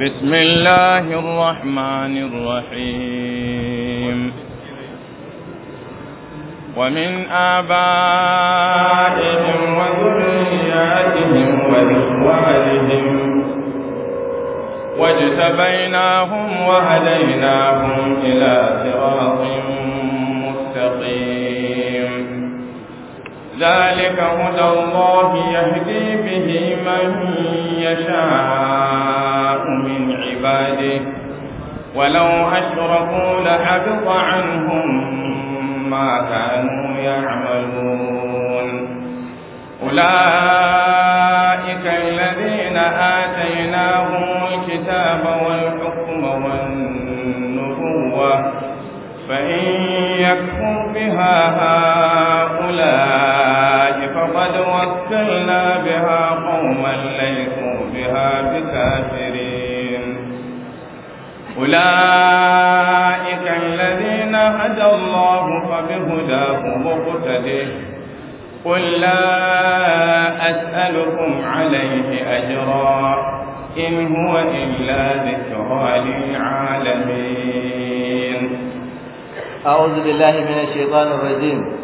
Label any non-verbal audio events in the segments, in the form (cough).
بسم الله الرحمن الرحيم ومن آبائهم وذرياتهم وإخوانهم واجتبيناهم وهديناهم إلى صراط ذلك هدى الله يهدي به من يشاء من عباده ولو أشركوا لحبط عنهم ما كانوا يعملون أولئك الذين آتيناهم الكتاب والحكم والنبوة فإن يكفر بها هؤلاء ومتعنا بها قوما ليسوا بها بكافرين أولئك الذين هدى الله فبهداه مقتده قل لا أسألكم عليه أجرا إن هو إلا ذكرى للعالمين أعوذ بالله من الشيطان الرجيم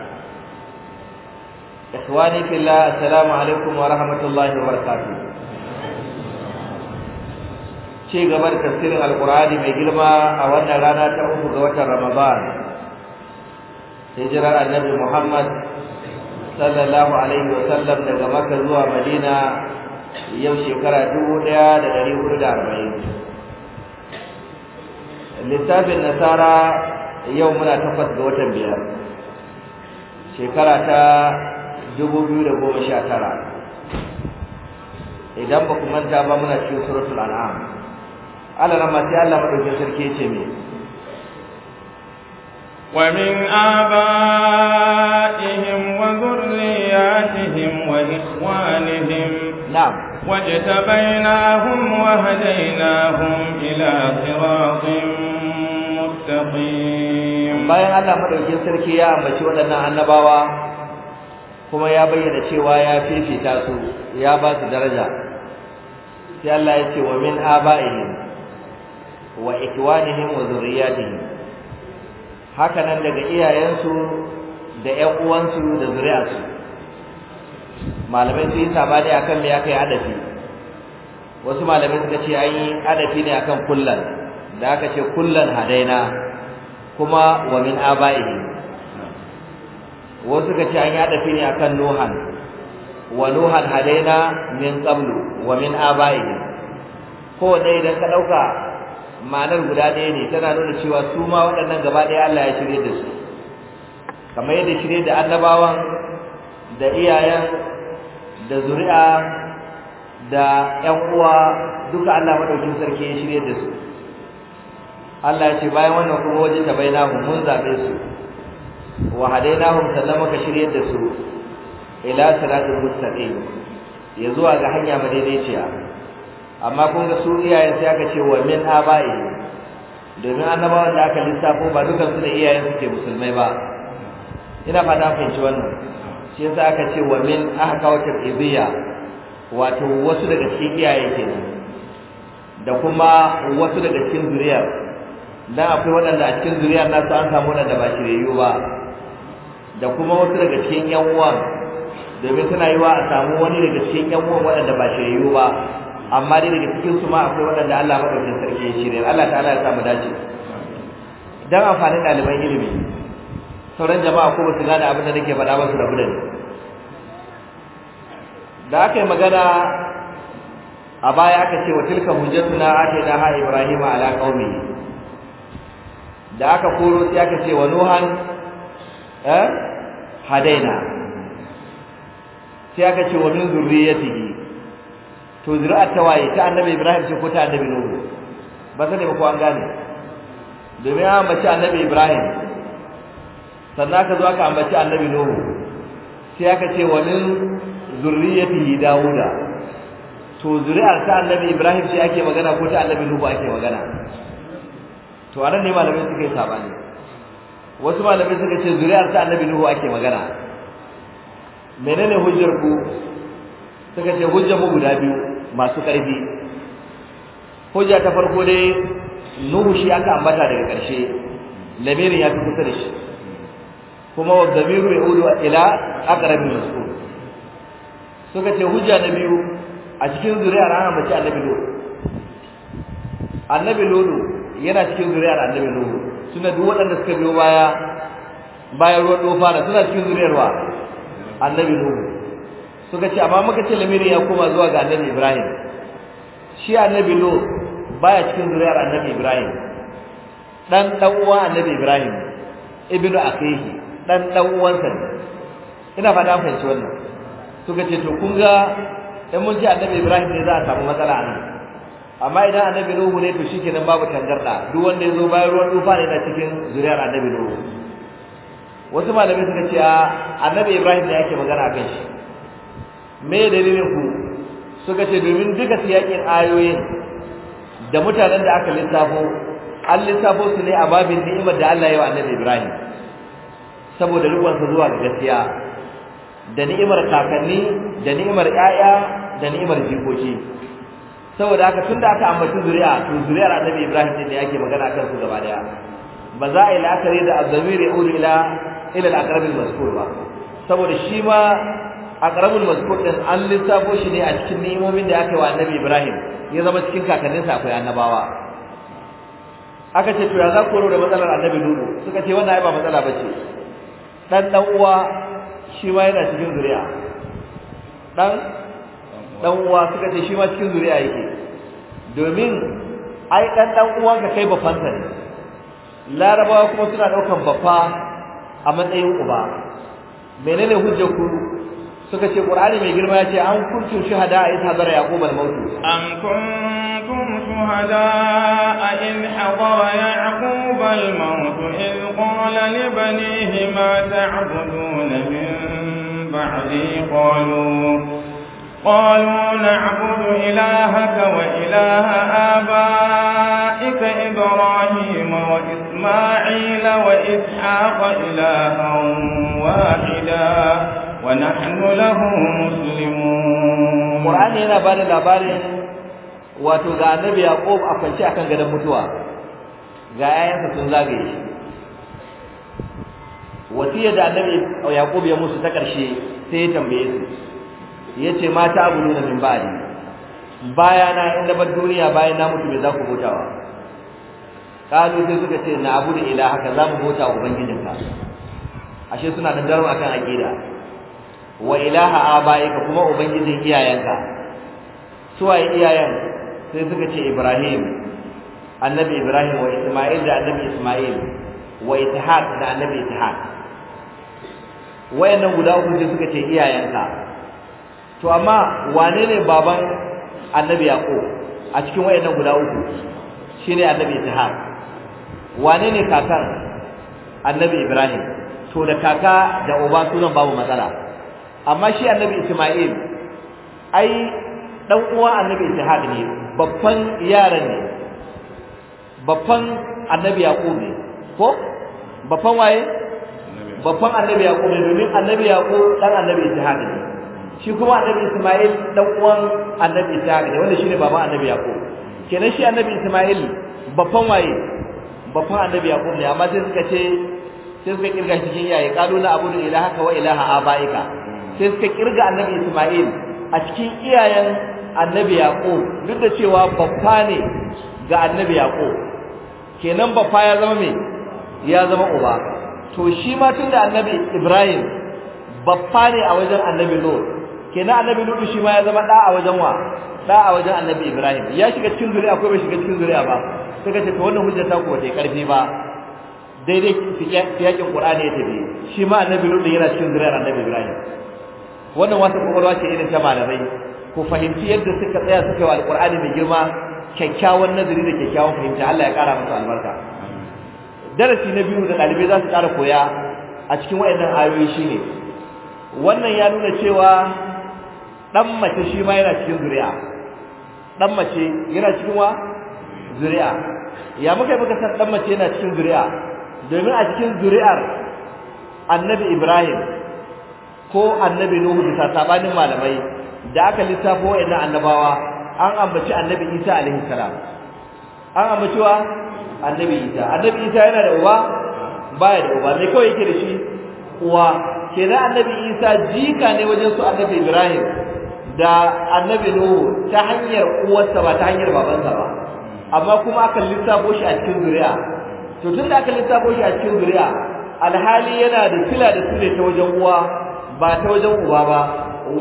ikhwani fillah assalamu alaikum wa rahmatullahi wa ci gaba da tafsirin alqur'ani mai girma a wannan rana ta uku ga watan ramadan hijirar annabi muhammad sallallahu alaihi wa sallam daga makka zuwa madina yau shekara dubu ɗaya da ɗari hudu da arba'in littafin nasara yau muna takwas ga watan biyar shekara ta 2019 idan ba ku manta ba muna cikin suratul an'am Allah ran sai Allah madaukakin sarki ce me wa min abaihim wa dhurriyyatihim wa ikhwanihim na'am wajtabainahum wa hadainahum ila siratin mustaqim bayan Allah madaukakin sarki ya ambaci waɗannan annabawa kuma ya bayyana cewa ya fifita su ya ba su daraja sai Allah ya ce wa min aba'ihim wa ikwanihim wa zurriyatihim haka nan daga iyayensu da ƴan uwansu da su. malamai su yi sabani akan me aka yi adafi wasu malamai suka ce an yi adafi ne akan kullan da aka ce kullan hadaina kuma wa min aba'ihim wasu ka ce an yada fi ne akan nuhan wa nuhan hadaina min qablu wa min abaihi ko dai idan ka dauka ma'anar guda ɗaya ne tana nuna cewa su ma waɗannan gaba ɗaya Allah ya shirye da su kamar yadda shirye da annabawan da iyayen da zuri'a da ƴan uwa duka Allah madaukin sarki ya shirye da su Allah ya ce bayan wannan kuma wajen tabainahu mun zabe su wa hadainahum sannan muka shiryar da su ila siratul mustaqim ya zuwa ga hanya madaidaiciya amma kun ga su iyayen sai aka ce wa min abai domin annabawan da aka lissafo ba dukan su da iyayen suke musulmai ba ina fata ci wannan shi yasa aka ce wa min ahkawatul ibiya wato wasu daga cikin iyaye kenan da kuma wasu daga cikin zuriya dan akwai waɗanda a cikin zuriyar nasu an samu waɗanda ba shiryu ba da kuma wasu daga cikin yan uwan domin yi wa a samu wani daga cikin yan uwan waɗanda ba shiriyu ba amma dai daga cikin su ma akwai waɗanda Allah kai sarki shi shirya Allah ta'ala ya samu dace dan amfanin ɗaliban ilimi sauran jama'a ko ba su gane abin da nake faɗa ba su rabu da ni da aka yi magana a baya aka ce wa tilka hujjatuna atayna ha ibrahima ala qaumi da aka koro sai aka ce wa nuhan eh hadaina sai aka ce wa min zurriyatihi to zuri'ar ta waye ta annabi ibrahim ce ko ta annabi nuhu ba sai ba ko an gane domin an ambaci annabi ibrahim sannan aka zo aka ambaci annabi nuhu sai aka ce wa min zurriyatihi dawuda to zuri'ar ta annabi ibrahim ce ake magana ko ta annabi nuhu ake magana to a nan ne malamai suka yi sabani wasu malamai suka ce zuri'ar ta annabi nuhu ake magana menene hujjar ku suka ce hujjar mu guda biyu masu ƙarfi hujja ta farko dai nuhu shi aka ambata daga ƙarshe lamirin ya fi kusa da shi kuma wa zamiru ya ulu ila aqrabi mas'ul suka ce hujja na biyu a cikin zuri'ar an ambaci annabi nuhu annabi nuhu yana cikin zuri'ar annabi nuhu suna duk waɗanda suka biyo baya bayan ruwan ɗofa da suna cikin zuriyarwa annabi nuhu suka ce amma muka ce lamiri ya koma zuwa ga annabi ibrahim shi annabi nuhu baya cikin zuriyar annabi ibrahim dan dan uwa annabi ibrahim ibnu akhihi dan dan uwansa ne ina fata fahimci wannan suka ce to kun ga in mun ce annabi ibrahim ne za a samu matsala a nan amma idan annabi nuhu ne to shikenan babu tangarda duk wanda ya zo bayan ruwan tufa ne na cikin zuriyar annabi nuhu wasu malamai suka ce annabi ibrahim ne yake magana kan shi me dalilin ku suka ce domin duka siyakin ayoyin da mutanen da aka lissafo an lissafo su ne a babin ni'imar da Allah ya wa annabi ibrahim saboda ruwansa zuwa ga gaskiya da ni'imar kakanni da ni'imar 'ya'ya da ni'imar jikoki saboda haka tunda aka ambaci zuri'a to zuri'ar annabi ibrahim ne ake magana kan su gaba daya ba za a yi la'akari da azamir ya'ud ila ila al-aqrab al-mazkur ba saboda shi ma aqrab al-mazkur din an lissafo shi ne a cikin ni'imomin da aka yi wa annabi ibrahim ya zama cikin sa akwai annabawa aka ce to ya za ku da matsalar annabi nuhu suka ce wannan ai ba matsala bace dan dan uwa shi ma yana cikin zuri'a dan dan uwa suka ce shi ma cikin zuriya yake domin ai dan dan uwa ka kai bafanta ne larabawa kuma suna daukan bafa a matsayin uba menene hujjar ku suka ce qur'ani mai girma ya ce an kuntum shuhada ita hadara yaqub al Mautu? an kuntum shuhada in hadara yaqub al Mautu, in qala li banihi ma ta'buduna min ba'di qalu قالوا نعبد إلهك وإله آبائك إبراهيم وإسماعيل وإسحاق إلها واحدا ونحن له مسلمون وأنا هنا بعد الأبار وتوغى النبي يعقوب أفنشي أكن قد متوى ga yayansa sun zagaye shi wasiyar da annabi Yaqub ya musu ta ƙarshe sai ya tambaye su yace ma ta'buduna min ba'di baya na inda ba duniya bayan na mutu me za ku hutawa? kalu sai suka ce na abudu haka za mu bauta ubangijinka ashe suna da daro akan aqida wa ilaha abaika kuma ubangijin iyayenka suwaye iyayen sai suka ce ibrahim annabi ibrahim wa isma'il da annabi isma'il wa ithaq da annabi ithaq wayannan guda uku sai suka ce iyayenka to amma wane ne baban annabi yaqo a cikin wayannan guda uku shine annabi ishaq wane ne kakan annabi ibrahim to da kaka da uba sunan babu matsala amma shi annabi isma'il ai dan uwa annabi ishaq ne babban yaran ne babban annabi yaqub ne ko babban waye babban annabi yaqub ne domin annabi yaqub dan annabi ishaq ne shi kuma annabi Ismail dan uwan annabi Ishaq ne wanda shine baban annabi Yaqub kenan shi annabi Ismail baban waye baban annabi Yaqub ne amma sai suka ce sai suka kirga shi cikin yayi qalu la abudu ilaha ka wa ilaha abaika sai suka kirga annabi Ismail a cikin iyayen annabi Yaqub duk da cewa babba ne ga annabi Yaqub kenan babba ya zama me ya zama uba to shi ma tunda annabi Ibrahim babba ne a wajen annabi Lot kenan annabi lutu shi ma ya zama da a wajen wa da a wajen annabi ibrahim ya shiga cikin zuriya ko bai shiga cikin zuriya ba sai kace to wannan hujja ta ku ba karfi ba daidai yakin qur'ani ya tafi shi ma annabi lutu yana cikin zuriyar annabi ibrahim wannan wata kokolwa ce irin ta malamai ku fahimci yadda suka tsaya suka wa alqur'ani mai girma kyakkyawan nazari da kyakkyawan fahimta Allah ya kara musu albarka darasi na biyu da dalibai za su kara koya a cikin waɗannan ayoyi shine wannan ya nuna cewa dan mace shi ma yana cikin zuri'a dan mace yana cikin wa zuri'a ya muka muka san dan mace yana cikin zuri'a domin a cikin zuri'ar annabi Ibrahim ko annabi Nuhu bisa sabanin malamai da aka lissafo wa'annan annabawa an ambaci annabi Isa alaihi salam an ambaci wa annabi Isa annabi Isa yana da uba baya da uba me kawai yake da shi uwa kenan annabi Isa jika ne wajen su annabi Ibrahim da annabi nuhu ta hanyar uwarsa ba ta hanyar babansa ba amma kuma aka lissafo shi a cikin zuriya to tun da aka lissafo shi a cikin zuriya alhali yana da sila da sule ta wajen uwa ba ta wajen uba ba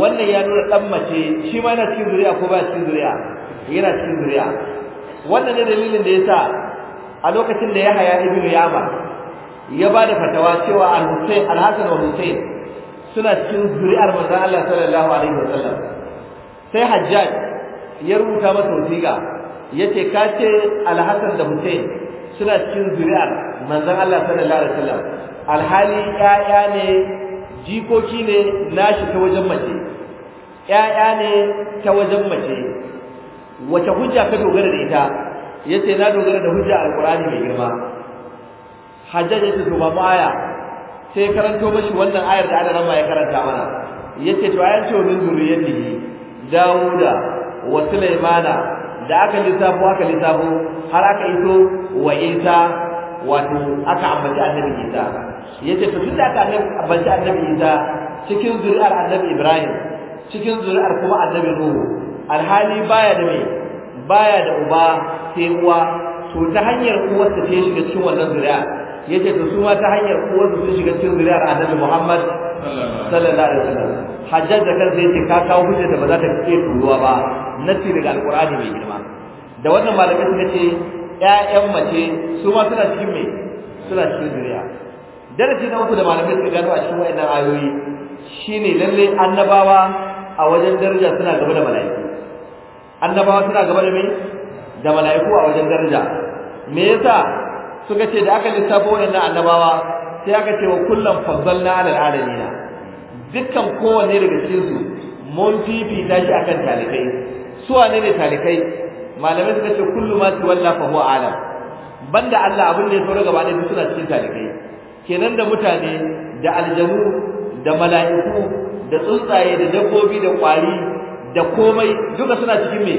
wannan ya nuna dan mace shi ma yana cikin zuriya ko ba cikin zuriya yana cikin zuriya wannan ne dalilin da yasa a lokacin da ya haya ibnu yama ya ba da fatawa cewa al-Husayn al-Hasan wa Husayn suna cikin zuri'ar manzon Allah sallallahu alaihi wasallam sai hajjaj ya rubuta masa wasiƙa ce, ka ce alhassan da hussein suna cikin zuri'ar manzon Allah sallallahu alaihi wasallam alhali ƴaƴa ne jikoki ne nashi ta wajen mace ƴaƴa ne ta wajen mace wace hujja ka dogara da ita Ya ce na dogara da hujja Alƙur'ani mai girma hajjaj ce to ba mu aya sai karanto mashi wannan ayar da ma ya karanta mana yace to ayan ce wa min zuriyatihi Dawuda wa Sulaimana da aka lissafo aka lissafo har aka iso wa Isa wato aka ambaci annabi Isa Ya ce to tunda aka ambaci annabi Isa cikin zuri'ar annabi Ibrahim cikin zuri'ar kuma annabi Nuhu alhali baya da mai baya da uba sai uwa to ta hanyar uwarsa ta shiga cikin wannan zuri'a yace to su ma ta hanyar uwarsa sun shiga cikin zuri'ar annabi Muhammad sallallahu alaihi wasallam hajjaj da kansa yace ka kawo hujja da ba za ta iya turuwa ba nasi daga alqur'ani mai girma da wannan malamai suka ce ƴaƴan mace su ma suna cikin me suna cikin duniya darasi na uku da malamai suka gano a cikin wayannan ayoyi shine lalle annabawa a wajen daraja suna gaba da mala'iku annabawa suna gaba da me da mala'iku a wajen daraja me yasa suka ce da aka lissafo wayannan annabawa sai aka ce wa kullum na alal alamina dukkan kowanne daga cikin su mun ta shi akan talikai su wane ne talikai malamai suka ce kullu ma tawalla fa huwa alam banda Allah abin da ya saura gaba ne suna cikin talikai kenan da mutane da aljanu da mala'iku da tsuntsaye da dabbobi da kwari da komai duka suna cikin me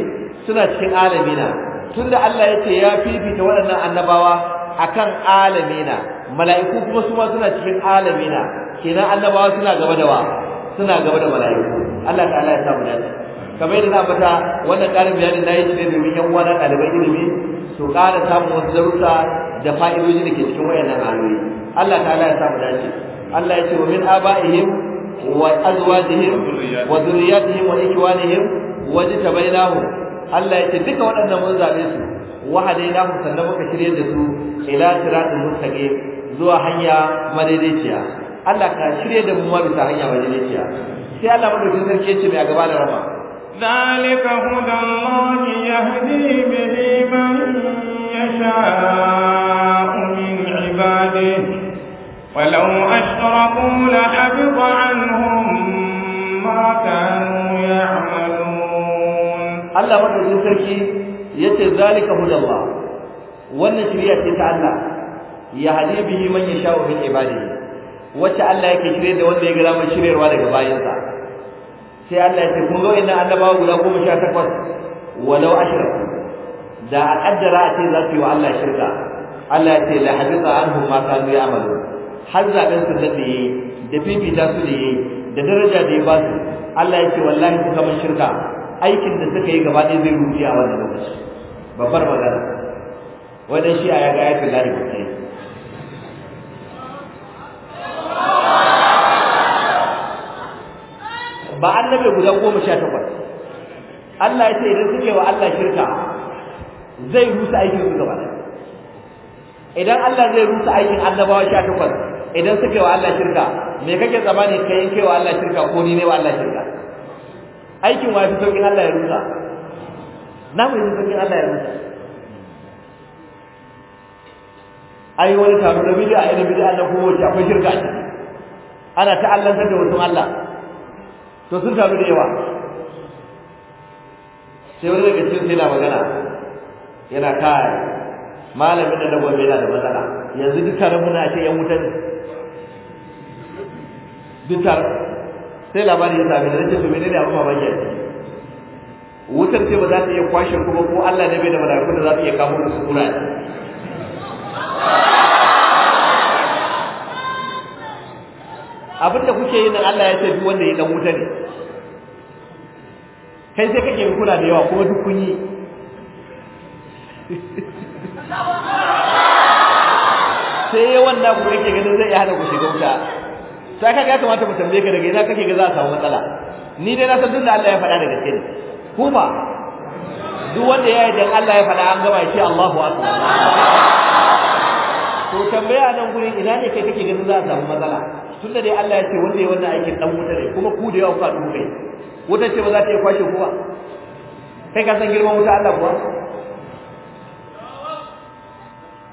suna cikin alamina tunda Allah yake ya fifita waɗannan annabawa akan alamina mala'iku kuma su ma suna cikin alamina kenan annabawa suna gaba da wa suna gaba da mala'iku Allah ta'ala ya sa mu dace kamar yadda na fata wannan ƙarin bayani na yi shi ne domin yan uwa na ɗaliban ilimi su ƙara samun wasu darussa da fa'idoji da ke cikin wayannan ayoyi Allah ta'ala ya sa mu dace Allah ya ce wa min aba'ihim wa azwajihim wa dhurriyyatihim wa ikwanihim wajtabainahum Allah ya ce duka waɗannan mun zabe su wahadai na sannan muka shirye da su ila siratul mustaqim zuwa hanya madaidaiciya Allah ka shirye da mu ma bisa hanya madaidaiciya sai Allah madaukakin sarki ya ce mai a gaba da rama ذلك هدى الله يهدي به من يشاء من عباده ولو أشركوا لحبط عنهم ما كانوا يعملون الله مدعو سركي yace zalika hudallah wannan shari'a ce ta Allah ya hadi bihi man yasha'u min ibadihi wacce Allah yake shirye da wanda ya ga ramar shiryarwa daga bayansa sai Allah ya ce kun zo inna annabawa guda goma sha takwas walau ashra da a a ce za su yi wa Allah shirka Allah ya ce la hadisa anhum ma kanu ya'malu har zaben su da yayi da fifita su da da daraja da ba su Allah ya ce wallahi su kama shirka aikin da suka yi gaba ɗaya zai rubuta a wannan lokaci babbar magana wannan shi a ya ga ya kalla da mutai ba annabi guda goma sha takwas Allah ya ce idan suke wa Allah shirka zai rusa aikin su gaba idan Allah zai rusa aikin annabawa sha takwas idan suke wa Allah shirka me kake tsammani kai yanke wa Allah shirka ko ni ne wa Allah shirka aikin wa fi sauƙin Allah ya rusa namu yanzu sarkin Allah ya rusa ai wani taro na bid'a ina bid'a ko kowace akwai shirka ana ta'allantar da wasu Allah to sun taru da yawa sai wani daga cikin sai na magana yana kai malamin da dabo mai da matsala yanzu duk tare muna ce yan wutar duk tare sai labarin ya sami da nace to menene da mamaki bayyana wutar ce ba za ta iya kwashe kuma ko Allah ne bai da malakun da za su iya kawo su kura abin da kuke yi nan Allah ya ce duk wanda ya dan wuta ne kai sai kake kuna da yawa kuma duk kun yi sai yawan wanda ku yake ganin zai iya hana ku shiga wuta sai kaga ya kamata mu tambaye ka daga ina kake ga za a samu matsala ni dai na san duk da Allah ya faɗa daga gaske ne kufa duk wanda ya yi da Allah ya faɗa an gama ya ce Allahu akbar to tambaya nan gurin ina ne kai kake ganin za a samu matsala tunda dai Allah ya ce wanda ya wannan aikin dan wuta ne kuma ku da yawa ku haɗu kai wuta ce ba za ta yi kwashe ku ba kai ka san girman wuta Allah kuwa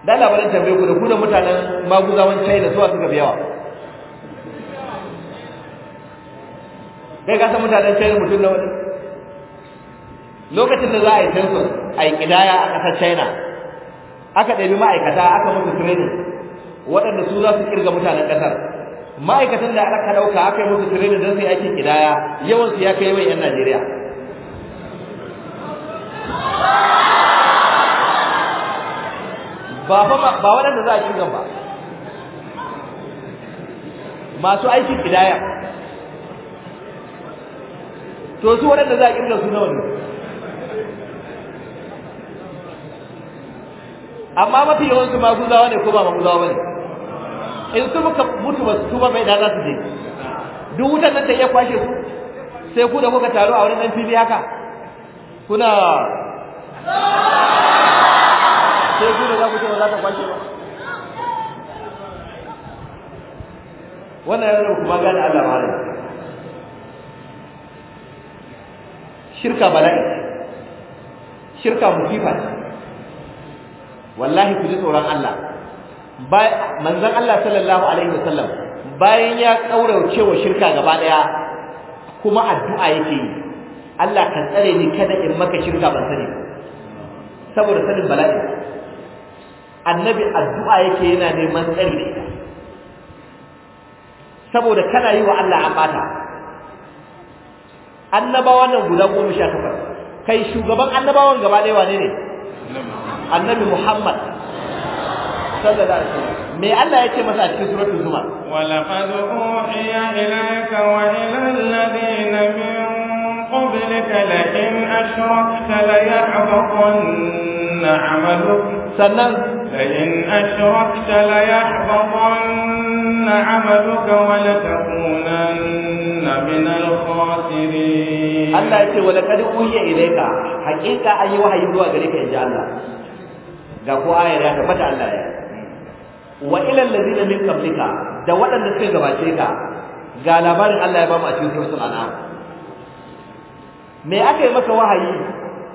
da labarin tambaye ku da ku da mutanen maguzawan China suwa suka fi kai ka san mutanen China mutum na wani lokacin da za a yi census a yi kidaya a ƙasar china aka ɗabi ma'aikata aka musu training waɗanda su za su kirga mutanen ƙasar ma'aikatan da aka ɗauka aka yi musu training don su yi aikin kidaya yawan su ya kai mai 'yan najeriya ba waɗanda za a kirga ba masu aikin kidaya to su waɗanda za a kirga su nawa ne amma mafi yawan su maguzawa ne ko ba maguzawa bane in su muka mutu ba su ba mai da za su je duk wutan nan ta iya kwashe su sai ku da kuka taru a wurin nan fili haka kuna sai ku da za ku ce ba za ta kwashe ba wannan yana kuma gane Allah malam shirka bala'i shirka musifa ce wallahi ku ji tsoron Allah manzon Allah sallallahu alaihi wasallam bayan ya kaurace wa shirka gaba daya kuma addu'a yake yi Allah kan tsare ni kada in maka shirka ban sani saboda sanin bala'i annabi addu'a yake yana neman tsari ne. saboda kana yi wa Allah ambata annabawan nan guda 18 kai shugaban annabawan gaba daya wane ne annabi Muhammad sallallahu alaihi wasallam me Allah ya ce masa a cikin suratul zumar walaqad uhiya ilayka wa ila alladhina min qablika la in ashrakta la yahbatanna 'amaluk sannan la in ashrakta la yahbatanna 'amaluka wa la takunanna min al-khasirin Allah ya ce walaqad uhiya ilayka haqiqa ayi wahayi zuwa gare ka inji Allah ga ko ayar ya tabbata Allah ya wa ila allazina min qablika da waɗanda suka gabace ka ga labarin Allah ya ba mu a cikin suratul an'am me aka yi maka wahayi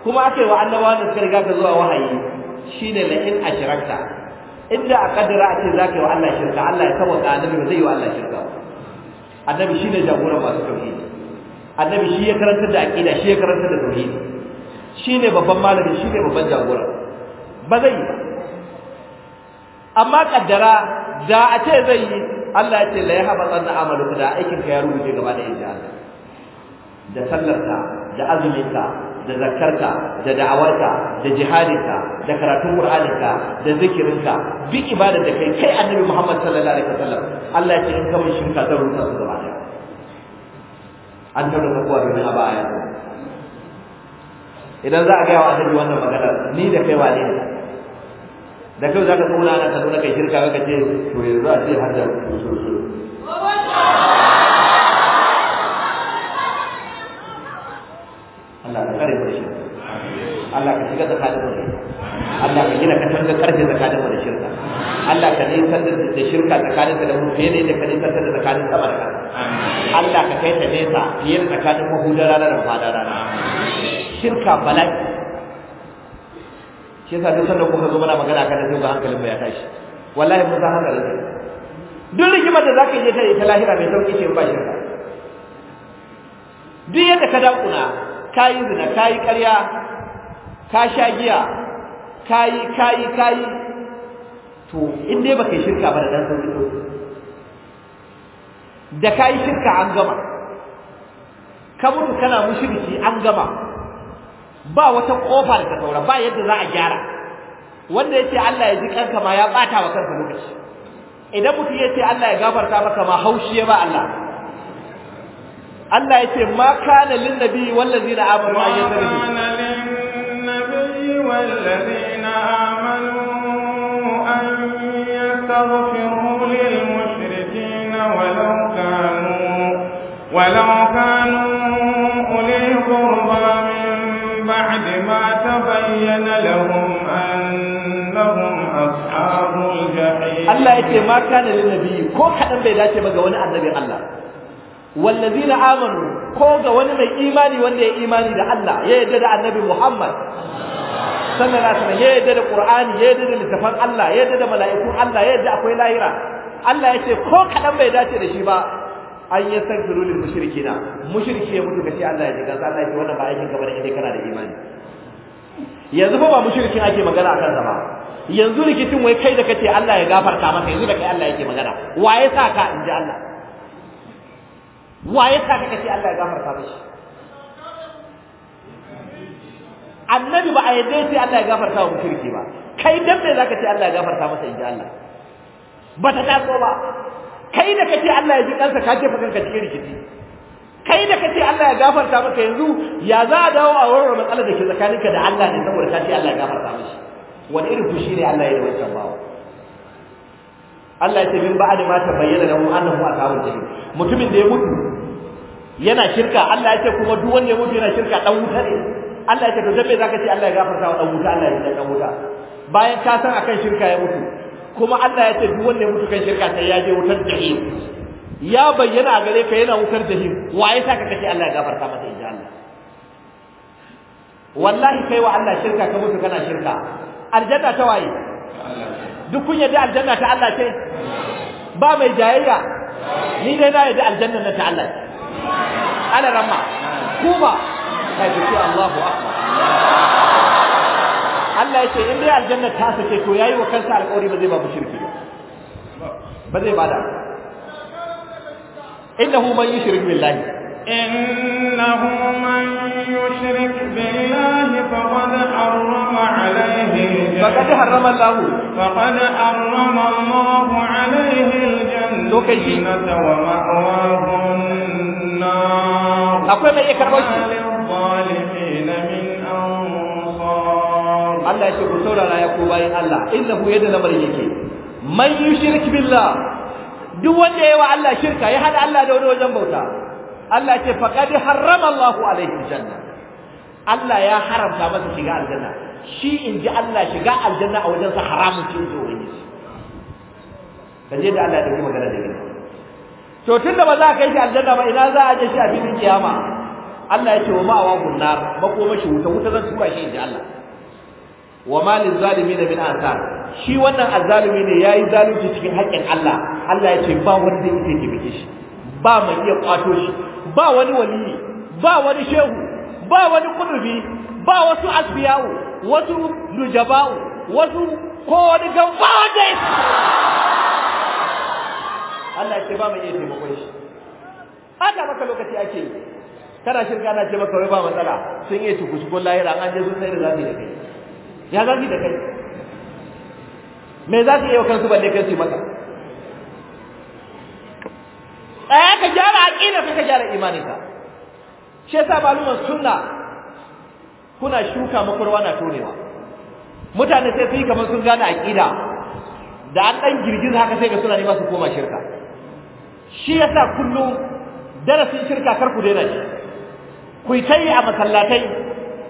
kuma aka yi wa annabawa da suka riga ka zuwa wahayi shine la in ashrakta inda a kadara a ce za yi wa Allah shirka Allah ya saboda annabi ba zai yi wa Allah shirka annabi shine jagoran masu tauhidi annabi shi ya karantar da aqida shi ya karantar da tauhidi shine babban malami shine babban jagora ba zai yi amma kaddara da a ce zai yi Allah ya ce la yahba zanna amalu da aikin ka ya rubuce gaba da inda da sallarka da azuminka da zakarka da da'awarka da jihadinka da karatun qur'aninka da zikirinka bi ibadar da kai kai annabi Muhammad sallallahu alaihi wasallam Allah ya ce in ka mun shirka zan rubuta gaba da an tabbata kowa da ba a idan za a gaya wa annabi wannan magana ni da kai wane ne da kai za ka tsuna ana ka nuna kai shirka ka ce to yanzu a ce har da Allah ka kare mu shi Allah ka shiga tsakanin mu Allah ka gina katangar karfe tsakanin mu da shirka Allah ka nisantar da shirka tsakanin da mu fiye da yadda ka nisantar da tsakanin sama da Allah ka kai ta nesa fiye da tsakanin mahudan rana da fadar rana shirka bala'i shi yasa duk sanda kuka zo mana magana kan sai ga hankalin mu ya tashi wallahi mun san hankalin sai duk rigima da zaka je ta ita lahira mai sauki ce ba shirka duk yadda ka dakuna kai zina kai ƙarya ka sha giya kai kai kai to in dai baka shirka ba da dan sauki da kai shirka an gama ka mutu kana mushriki an gama ba wata kofa da ta saura ba yadda za a gyara wanda yace Allah ya ji kanka ma ya bata wa kanka lokaci idan mutum yace Allah ya gafarta maka ma haushi ya ba Allah Allah yace ma kana lin nabi wal ladina amanu an ma kana lin nabi wal ladina amanu an yastaghfiru lil mushrikeena walau kanu walau بين لهم أنهم أصحاب الجحيم الله يتي ما كان للنبي كو حدا بيداتي بقى وانا النبي الله والذين آمنوا ko ga wani mai imani wanda ya imani da Allah ya yarda da Annabi Muhammad sallallahu alaihi wasallam ya yarda da Qur'ani ya yarda da littafan Allah ya da Allah ya akwai lahira Allah ya ce ko kadan bai dace da shi ba an yi sarfiru na mushirki ya mutu ce Allah ya ji gaza Allah ya ce wannan ba aikin gaba da kai kana da imani yanzu fa ba mushrikin ake magana akan sa ba yanzu rikicin wai kai da kace Allah ya gafarta maka yanzu da kai Allah yake magana waye sa ka inji Allah waye sa ka kace Allah ya gafarta mishi annabi ba a yadda sai Allah ya gafarta wa mushriki ba kai dan me zaka ce Allah ya gafarta masa inji Allah ba ta taso ba kai da kace Allah ya ji kansa ka jefa kanka cikin rikici kai da kace Allah ya gafarta maka yanzu ya za a dawo a warware matsalar da ke tsakaninka da Allah ne saboda ka ce Allah ya gafarta mishi wani irin fushi ne Allah ya yi wancan bawo? Allah ya ce min ba'ad ma tabayyana lahu annahu ashabul jahim mutumin da ya mutu yana shirka Allah ya ce kuma duk wanda ya mutu yana shirka dan wuta ne Allah ya ce to dan me zaka ce Allah ya gafarta wa dan wuta Allah ya dan wuta bayan ka san akan shirka ya mutu kuma Allah ya ce duk wanda ya mutu kan shirka sai ya je wutar jahim ya bayyana a gare ka yana wutar jahim wa ya sa ka kashe Allah ya gafarta masa inji Allah wallahi kai wa Allah shirka ka mutu kana shirka aljanna ta waye duk kun yadda aljanna ta Allah ce ba mai jayayya ni dai na yadda aljanna na ta Allah ala ramma kuma kai ce Allahu akbar Allah ya ce in dai aljanna ta sace to yayi wa kansa alƙawari ba zai ba shirki ba zai bada innahu man yushrik billahi innahu man yushrik billahi faqad harrama alayhi faqad harrama Allah faqad harrama Allah alayhi aljannata wa ma'wahu an-nar akwai mai karbar shi Allah ya ce ku saurara ya ku bayin Allah innahu yadda duk wanda yayi wa Allah shirka ya hada Allah da wani wajen bauta Allah ce faqad harrama Allahu alaihi janna Allah ya haramta masa shiga aljanna shi in ji Allah shiga aljanna a wajen sa haramun ce zo ne kaje da Allah ya dauki magana da ni to tunda ba za ka kai shi aljanna ba ina za a je shi a cikin kiyama Allah ya ce wa ma'awa gunnar makomashi wuta wuta zan tura shi in ji Allah wa ma lil zalimin min ansar shi wannan azalumi ne ya yi zalunci cikin haƙƙin Allah Allah ya ce ba wanda ke taimake shi ba mai iya kwato shi ba wani wali ba wani shehu ba wani kudubi ba wasu asbiyawo wasu lujaba'u wasu ko wani gamba wanda Allah ya ce ba mai iya taimako shi haka maka lokaci ake yi kana shirka na ce maka wai ba matsala sun iya tukushi ko lahira an je sun sai da zafi da kai ya zafi da kai me za su iya wa kansu balle kai su maka tsaya ka gyara aqida ka gyara imaninka shi yasa maluman sunna kuna shuka makarwa na tonewa mutane sai su yi kamar sun gane aqida da an dan girgiza haka sai ga suna ne su koma shirka shi yasa kullum darasin shirka kar ku daina shi ku yi a masallatai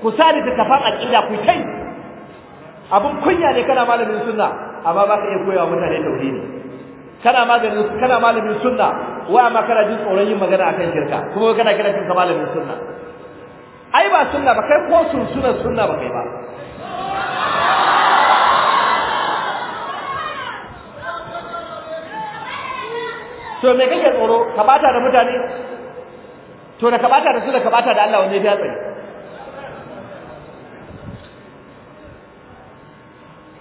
ku sani ta tafan aqida ku yi abun kunya ne kana malamin sunna amma ba ka iya koyawa mutane tauhidi kana magani kana malamin sunna wa amma kana jin tsoron yin magana akan shirka kuma kana kira ka malamin sunna ai ba sunna ba kai ko sun sunna sunna ba kai ba to me kake tsoro ka bata da mutane to da ka bata da su da ka bata da Allah wanne ya tsare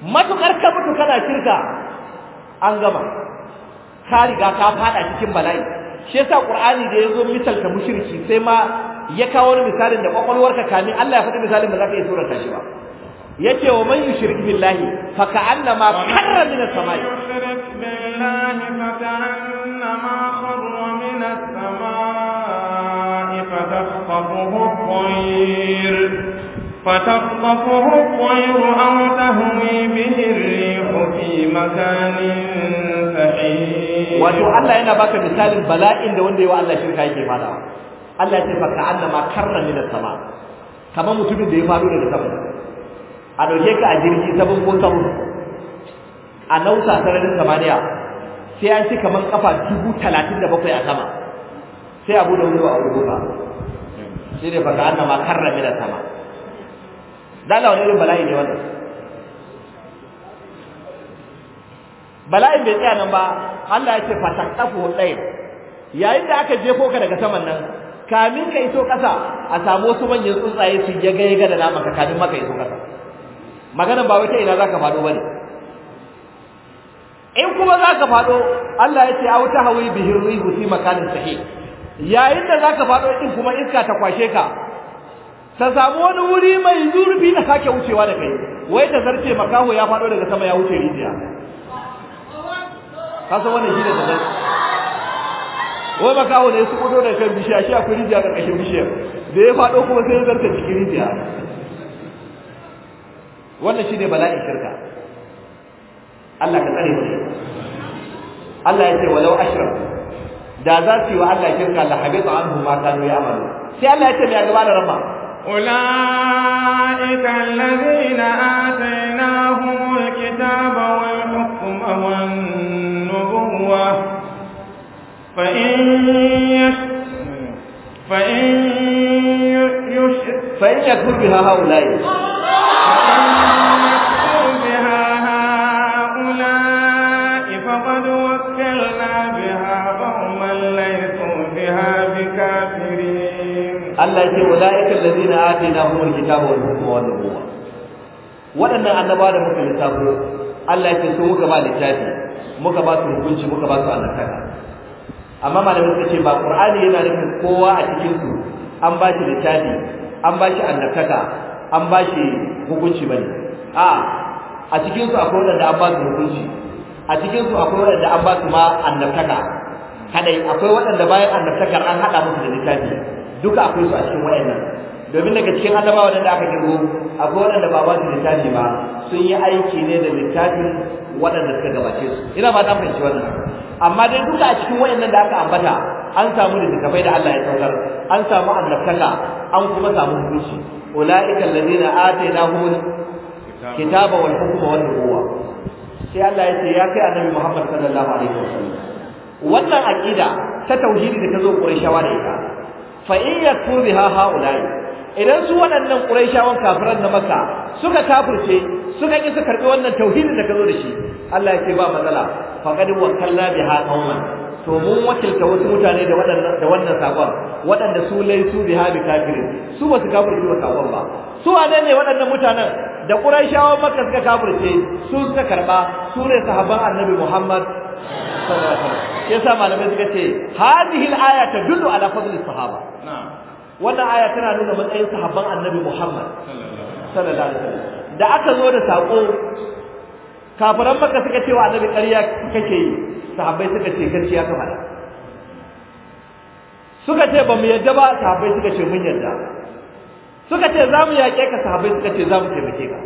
matukar ka mutu kana shirka an gama ka riga ka fada cikin bala'i shi yasa qur'ani da ya zo misalta mushriki sai ma ya kawo wani misalin da ka kami Allah ya faɗi misalin da zaka iya ta shi ba yake wa man yushrik billahi fa ka'annama karra min as-samai فتخطفه الطير أو تهوي به الريح في مكان سحيق wato Allah yana baka misalin bala'in da wanda yawa Allah shirka yake fada Allah ya ce fa ka'annama karra min sama kamar mutumin da ya faru daga sama a dauke ka a jirgi sabon ko sabon a nausa sararin samaniya sai an ci kamar kafa dubu talatin da bakwai a sama sai abu da wuri a wuri ba shi ne fa ka'annama karra min sama dala wani irin bala'i ne wannan bala'in bai tsaya nan ba Allah ya ce fataqafu dayr yayin da aka jefo ka daga saman nan kamin ka iso kasa a samu wasu manyan tsuntsaye su ya ga ga da naman ka kamin maka iso kasa maganar ba wata ina za ka fado bane in kuma za ka fado Allah ya ce a wuta hawi bihir rihu fi makanin sahih yayin da za ka fado din kuma iska ta kwashe ka ta samu wani wuri mai zurfi na sake wucewa da kai wai ta zarce makaho ya faɗo daga sama ya wuce rijiya kasa wannan shi da ta wai makaho ne su kudo daga kan bishiya shi akwai rijiya ƙarƙashin bishiyar da ya faɗo kuma sai ya zarta cikin rijiya wannan shi ne bala'in shirka Allah ka tsare mu Allah ya ce walau ashrak da za su yi wa Allah shirka la habita anhu ma kanu ya'malu sai Allah ya ce mai gaba da rabba أولئك الذين آتيناهم الكتاب والحكم والنبوة فإن فإن فإن يكفر بها هؤلاء Allah ce la'ikal ladina humul kitaba wal hukma wan nubuwa waɗannan annaba da muka lissafo Allah ya ce su muka ba littafi muka ba su hukunci muka ba su annabtaka amma malamai suka ce ba qur'ani yana nufin kowa a cikin su an ba shi littafi an ba shi annabtaka an ba shi hukunci bane a a cikin su akwai wanda an ba su hukunci a cikin su akwai wanda an ba su ma annabtaka kadai akwai wanda bayan annabtakar an haɗa musu da littafi duka akwai su a cikin wayannan domin daga cikin annabawa da aka kirgo akwai waɗanda ba ba su littafi ba sun yi aiki ne da littafin waɗanda suka gabace su ina ba ta fahimci wannan amma dai duka a cikin wayannan da aka ambata an samu littafai da Allah ya saukar an samu annabtaka an kuma samu hukunci ulaika alladhina atainahum kitaba wal hukma wan nubuwa sai Allah ya ce ya kai annabi Muhammad sallallahu alaihi wasallam wannan aqida ta tauhidi da ta zo Qurayshawa da ita fa in yakun biha haula'i idan su waɗannan quraishawan kafiran na maka suka kafirce suka ki su karbi wannan tauhidin da kazo da shi Allah ya ce ba matsala wa wakalla biha qauman to mun wakilta wasu mutane da waɗannan da wannan sakon waɗanda su laisu biha bi kafirin su ba su kafirce wa sakon ba su wane ne waɗannan mutanen da quraishawan maka suka kafirce su suka karba su ne sahabban annabi Muhammad yasa malamai suka ce hadhihi al-aya tadullu ala fadli sahaba wannan aya tana nuna matsayin sahabban annabi Muhammad sallallahu alaihi wasallam da aka zo da sako kafiran makka suka ce wa annabi ƙarya kake yi sahabbai suka ce kace ya faɗa suka ce ba mu yadda ba sahabbai suka ce mun yadda suka ce za mu yaƙe ka sahabbai suka ce za mu taimake ka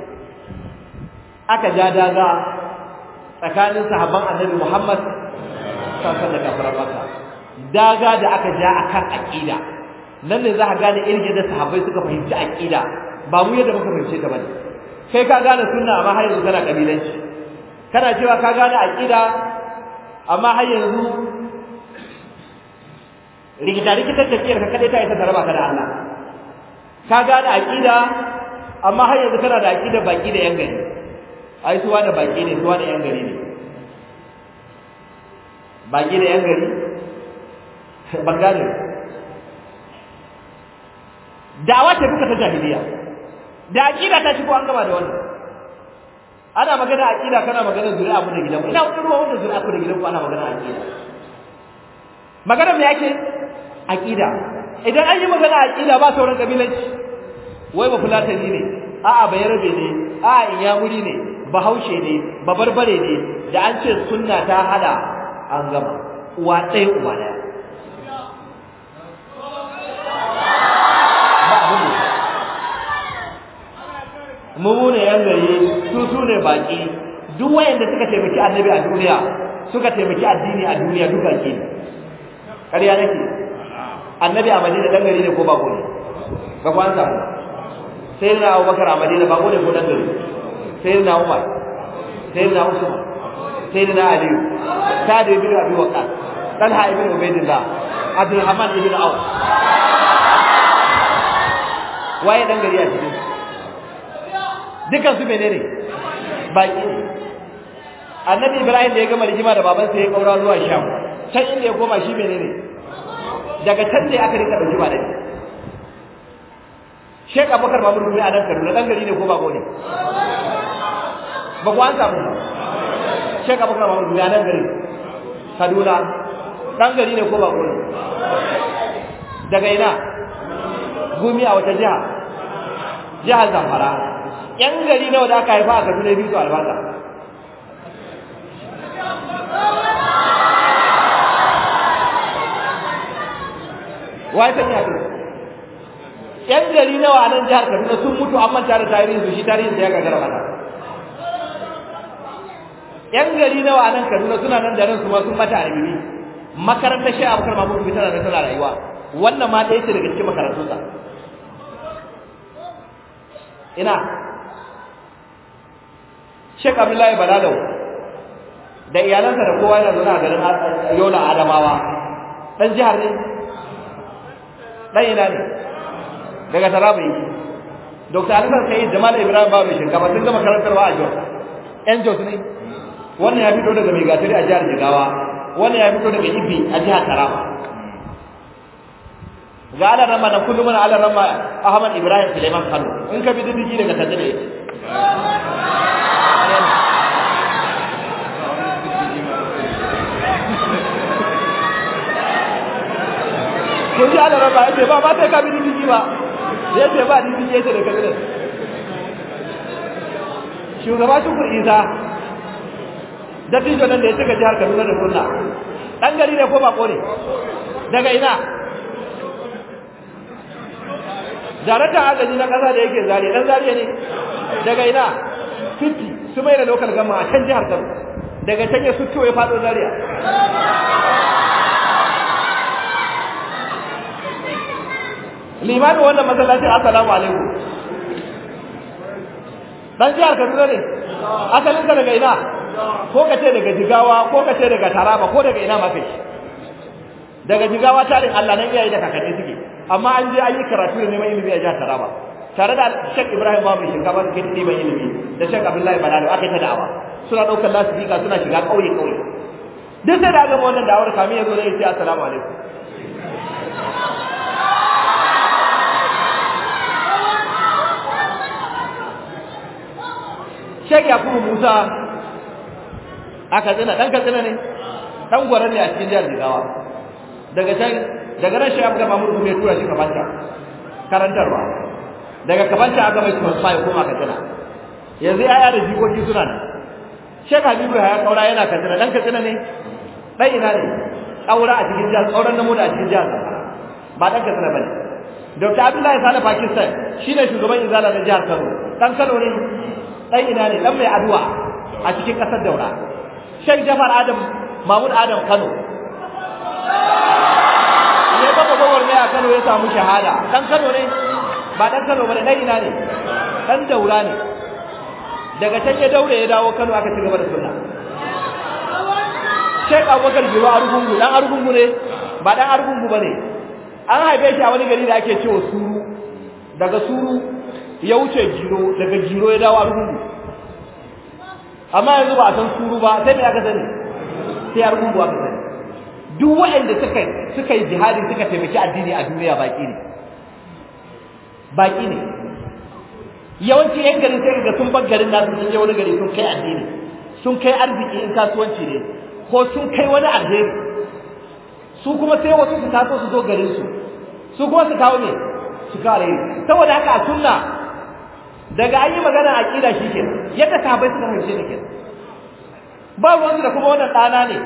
aka ja daga tsakanin sahabban annabi Muhammad sallallahu da kafiran da daga da aka ja akan aqida nan ne za ka gane irin da sahabbai suka fahimci aqida ba mu yadda muka fahimce ta bane kai ka gane sunna amma har yanzu kana kabilanci kana cewa ka gane aqida amma har yanzu rigita ta tafiyar ka kadai ta isa ta raba ka da Allah ka gane aqida amma har yanzu kana da aqida baki da yan gari ai suwa da baki ne suwa da yan gari ne baki da yan gari (laughs) ban dawa da'awa ce kuka ta jahiliya da aqida ta shigo an gaba da wannan ana magana aqida kana magana zuri'a ku da gidan ina wani ruwa wanda zuri'a ku da gidan ku ana magana aqida magana me yake aqida idan an yi magana aqida ba sauran kabilanci wai ba fulatani ne a'a bayarbe ne a'a iyamuri ne bahaushe ne babarbare ne da an ce sunna ta hada an gama uwa ɗaya uwa ɗaya mu ne yan gari su su ne baki duk wayanda suka taimaki annabi a duniya suka taimaki addini a duniya duka ke ƙarya nake annabi a madina dan gari ne ko bako ne ba ku an samu sai na abubakar a madina bako ne ko dan gari sayyidina Umar sayyidina Usman sayyidina Ali Sa'd ibn Abi Waqqas Talha ibn Ubaydillah Abdul Rahman ibn Auf waye dan gari a cikin dukan su menene baki annabi Ibrahim da ya gama rigima da sa ya kaura zuwa Sham can inda ya koma shi ne daga can da aka rika dauki ba dai Sheikh Abubakar Mamud Rumi a nan Kaduna dan gari ne ko bako ne ba ku an samu ba shek abubakar mahmud ya nan gari kaduna dan gari ne ko ba ko daga ina gumi a wata jiha jihar zamfara yan gari nawa da aka haifa a kaduna biyu su albasa wai ta ya yan gari nawa nan jihar kaduna sun mutu an manta da tarihin su shi tarihin sa ya gagara mata yan gari nawa nan Kaduna suna nan da ran su ma sun mata arimi makarantar shi Abubakar Mahmud bi tana da tana rayuwa wannan ma ɗaya ce daga cikin sa. ina Sheikh Abdullahi Balalau da iyalansa da kowa yana zaune a garin Yola Adamawa dan jihar ne dan ina ne daga Taraba yake Dr. Alhassan Sayyid Jamal Ibrahim Babu Shinkafa sun gama karantarwa a Jos. ‘Yan Jos ne, wannan ya fito daga megatari a jihar jigawa wannan ya fito daga ibi a jihar taraba ga ala rama na kullum na ala rama ahmad ibrahim suleiman kano in ka bi diddigi daga tanzania yake kun ji ala rama ce ba ba sai ka bi diddigi ba ya ce ba ya ce daga tanzania shugaba shukur isa dattijo nan da ya cika jihar Kaduna da sunna dan gari ne ko bako ne daga ina jarata agaji na kasa da yake zare dan zariya ne daga ina fiti su bai da local gama a can jihar Kano daga can ya suto ya fado zariya limamin wannan masallaci assalamu alaikum dan jihar Kaduna ne asalin ka daga ina ko ka ce daga jigawa ko ka ce daga taraba ko daga ina mafi daga jigawa tarin Allah nan iyaye da kakanni suke amma an je an yi karatu da mai ilimi a jihar taraba tare da Sheikh Ibrahim Mamu shinkafa da kiti mai ilimi da Sheikh Abdullahi Balalo aka ta da'awa suna ɗaukar lasifika suna shiga ƙauye ƙauye duk sai da aka wannan da'awar kami ya zo da ya ce assalamu alaikum Sheikh Yakubu Musa Aka tsina, dan katsina ne dan gwaran ne a cikin jihar jigawa daga can daga nan shi abga mamur kuma ya tura shi kabanta karantarwa daga kabanta aka mai kuma sai kuma katsina yanzu yaya da jikoki suna ne. Sheikh habibu ya kaura yana katsina dan katsina ne dai ina ne kaura a cikin jihar kauran namo da a cikin jihar ba dan katsina bane Dr. Abdullahi Sale Pakistan shine shugaban izala na jihar Kano dan Kano ne dan ina ne dan mai aduwa a cikin kasar Daura shai jafar adam mahmud adam kano ne baka gowar ne a kano ya samu shahada dan kano ne ba dan kano ba dan ina ne dan daura ne daga can ya daure ya dawo kano aka ci gaba da sunna Sheikh Abubakar Giro Argungu dan Argungu ne ba dan Argungu bane an haife shi a wani gari da ake cewa Suru daga Suru ya wuce jiro, daga jiro ya dawo Argungu amma yanzu ba a san suru ba sai me aka sani sai argungu aka sani duk waɗanda suka suka yi jihadi suka taimaki addini a duniya baki ne baki ne yawanci yan garin sai ga sun bar garin nasu sun je wani gari sun kai addini sun kai arziki in kasuwanci ne ko sun kai wani alheri su kuma sai wasu su taso su zo garin su su kuma su kawo ne su kare saboda haka a sunna daga an yi magana a ƙida shi ke yadda sahabai suka fahimce shi ke ba ruwansu da kuma wannan ɗana ne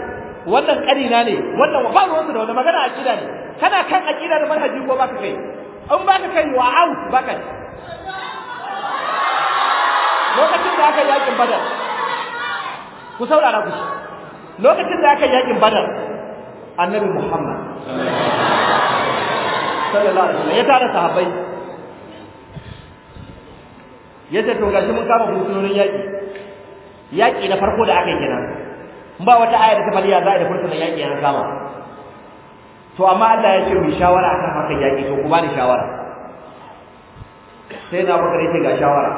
wannan ƙarina ne wannan ba ruwansu da wani magana a ƙida ne kana kan a da manhaji ko ba ka kai in ba ka kai wa au ba ka lokacin da aka yakin badar ku saurara ku lokacin da aka yakin badar annabi muhammad sallallahu alaihi wasallam ya tara sahabbai yace to gashi mun kama fursunonin yaki yaki na farko da aka yi kenan ba wata aya da ta baliya za a da fursunan yaki an kama to amma Allah ya ce mu shawara akan haka yaki to kuma ni shawara sai na bakare ce ga shawara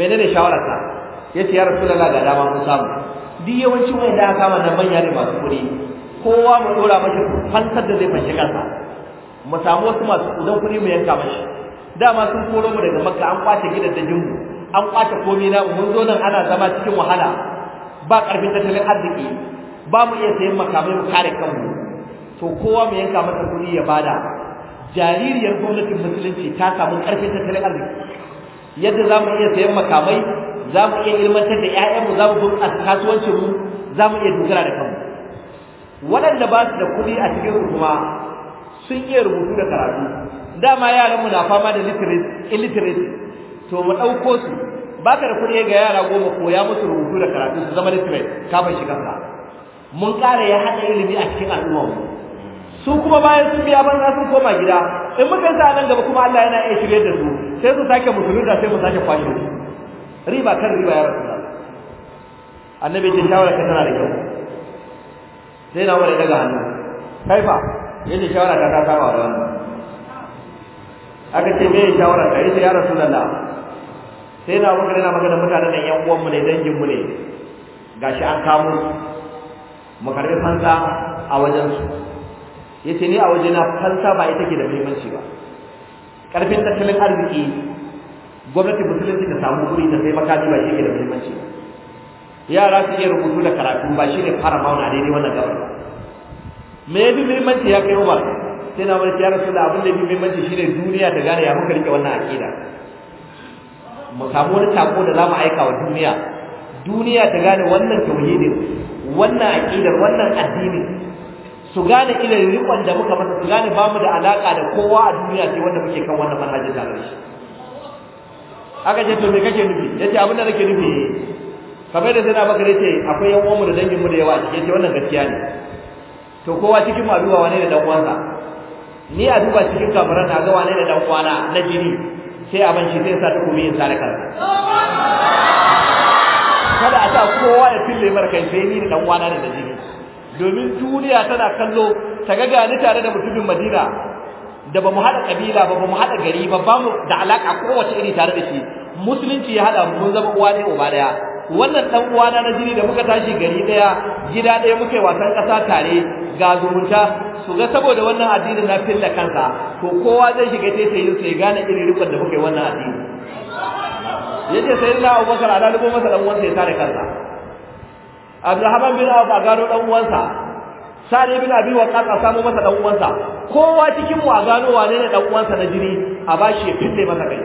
menene shawara ta yace ya rasulullahi ga dama mun samu duk yawancin wanda aka kama nan manya ne masu kuɗi kowa mu dora mashi fansar da zai fashe kansa mu samu wasu masu kuɗin kuɗi mu yanka mashi dama sun koro mu daga makka an kwace gidajen mu an kwace komai na mun zo nan ana zama cikin wahala ba karfin tattalin arziki ba mu iya sayan makamai mu kare kanmu to kowa mu yanka masa kuɗi ya bada jaririyar gwamnatin musulunci ta samu karfin tattalin arziki yadda za mu iya sayan makamai za mu iya ilmantar da 'ya'yanmu za mu bunƙasa kasuwancinmu za mu iya dogara da kanmu waɗanda ba su da kuɗi a cikin kuma sun iya rubutu da karatu dama yaran mu na fama da illiteracy to mu dauko su baka da kuɗi ga yara goma koya musu rubutu da karatu su zama literate kafin shiga ka mun kare ya haɗa ilimi a cikin al'umma su kuma bayan sun biya banza su koma gida in muka sa nan gaba kuma Allah yana iya shirye da su sai su sake musulunta sai mu sake kwashe su riba kan riba ya rasu annabi ya shawara ka tana da kyau sai na wani daga hannu kaifa yadda shawara ta ta saba da wannan aka ce mai shawara ka yace ya rasulullah sai na abubakar na magana mutanen nan yan uwanmu ne dangin mu ne gashi an kamo mu karbi fansa a wajen su yace ni a wajena fansa ba ita ke da muhimmanci ba karfin tattalin arziki gwamnati musulunci ta samu guri ta sai makaji ba shi ke da muhimmanci ba yara su iya rubutu da karatu ba shi ne fara mauna daidai wannan gaba me ya fi muhimmanci ya kai umar sai na barci ya rasu da abin da yake muhimmanci shine duniya ta gane ya muka rike wannan aqida mu samu wani tako da za mu aika wa duniya duniya ta gane wannan tauhidin wannan aqidar wannan addinin su gane irin riƙon da muka masa su gane bamu da alaka da kowa a duniya sai wanda muke kan wannan manhajin da shi aka ce to me kake nufi yace abin da nake nufi kamar da sai na bakar yace akwai yan uwanmu da dangin mu da yawa yace wannan gaskiya ne to kowa cikin mu a duba wane da dan uwansa ni a duba cikin kafiran na gawa ne da dan kwana na jini sai a ban shi sai sa tukumi in sare kansa kada a sa kowa ya fille mar kai sai ni da dan kwana ne da jini domin duniya tana kallo ta ga gani tare da mutumin Madina da bamu hada kabila ba bamu hada gari ba bamu da alaka kowace iri tare da shi musulunci ya hada mun zama uwa ne uba daya wannan dan uwana na jini da muka tashi gari daya gida daya muke wasan kasa tare ga zumunta su ga saboda wannan addinin na filla kansa to kowa zai shiga taitayin sai gane irin rikon da muke wannan addini yace sai Abu Bakar a dalibo masa dan uwansa ya tare kansa Abdulrahman bin Auf a gano dan uwansa Sari bin Abi Waqqas a samu masa dan uwansa kowa cikin mu a gano wane ne dan uwansa na jini a bashi ya fille masa kai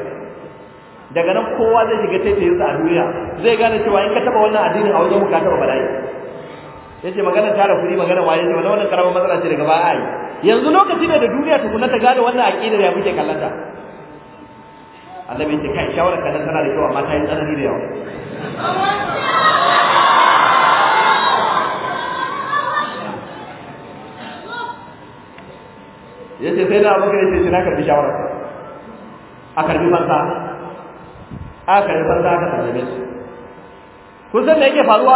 daga nan kowa zai shiga taitayin sa a duniya zai gane cewa in ka taba wannan addinin a wajen mu ka taba bala'i ce magana tara kuɗi magana waye ce wannan karaman matsala ce daga baya ai yanzu lokaci ne da duniya tukuna ta gane wannan aqida ya muke kallata annabi ce kai shawarar ka tana da kyau amma ta yi tsanani da yawa ya ce sai na abokan ya ce na karbi shawarar a karbi masa aka yi banza aka sallame su kun san me yake faruwa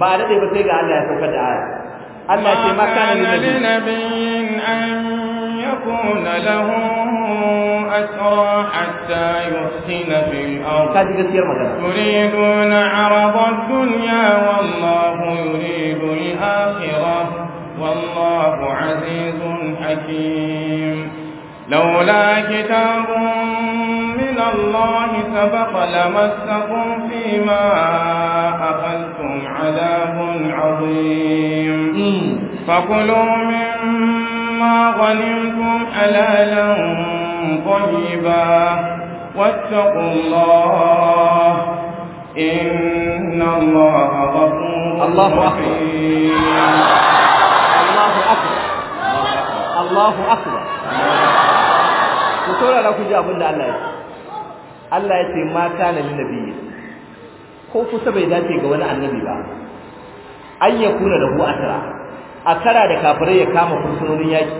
ba a daɗe ba sai ga Allah ya saukar da aya Allah ce ma kana linabiyin an yakuna lahu asra hatta yuhsina fil Ka kaji gaskiyar magana yuriduna arada dunya wallahu yuridu al-akhirah wallahu azizun hakim لولا كتاب الله سبق لمسكم فيما أخذتم عذاب عظيم فكلوا مما غنمتم حلالا طيبا واتقوا الله إن الله غفور الله أكبر الله أكبر الله أكبر الله أكبر الله أكبر الله أكبر Allah ya ce ma kana lin nabiyyi ko kusa bai dace ga wani annabi ba an ya kuna da hu atara a da kafirai ya kama fursunonin yaki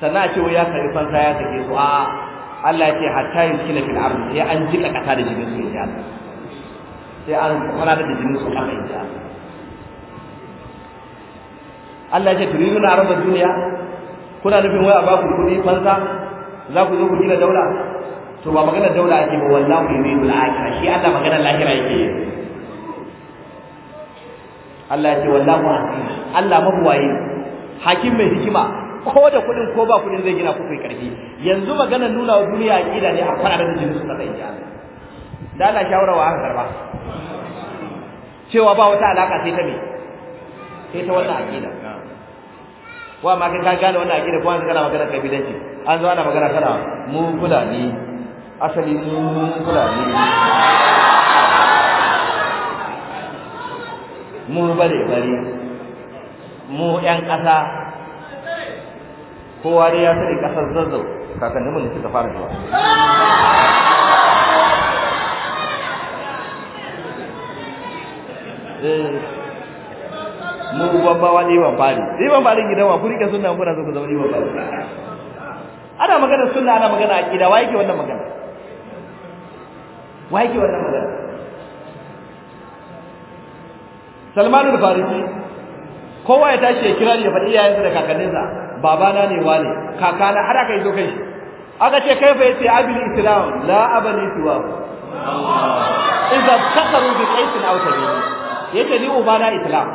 sannan a ce wai ya karbi fansa ya take su a Allah ya ce hatta yuskina fil ardh sai an jika kasa da jinin su ya sai an kwana da jinin su kai yi Allah ya ce turiduna arba duniya kuna nufin wai a ku kudi fansa za ku zo ku gina daula to ba maganar daula ake ba wallahu yuridul akhirah shi Allah maganar lahira yake yi Allah ya ce wallahu aziz Allah mabuwaye hakim mai hikima ko da kudin ko ba kudin zai gina ku kai karfi yanzu maganar nuna wa duniya aqida ne a fara da jinin su sai ya da Allah shawara wa aka karba cewa ba wata alaka sai ta me sai ta wannan aqida wa ma ka gane wannan aqida ko an kana maganar kabilanci an zo ana magana kana mu fulani asali mu fulani mu bare bare mu yan ƙasa kowa dai ya sani ƙasar zazzau kakannin mu ne suka fara zuwa eh, mu babbawa ne ban fari ne ban farin gidan wa ku rike sunna kuna so ku zama ne ban fari ana maganar sunna ana magana aqida wa yake wannan magana wa yake wannan magana Salman al-Farisi kowa ya tashi ya kira ya faɗi iyayensa da kakanninsa babana ne wane kakana har aka yi zo shi. aka ce kai fa yace abil islam la abali tuwa idan takaru bi qaisin aw tabini yace ni uba na islam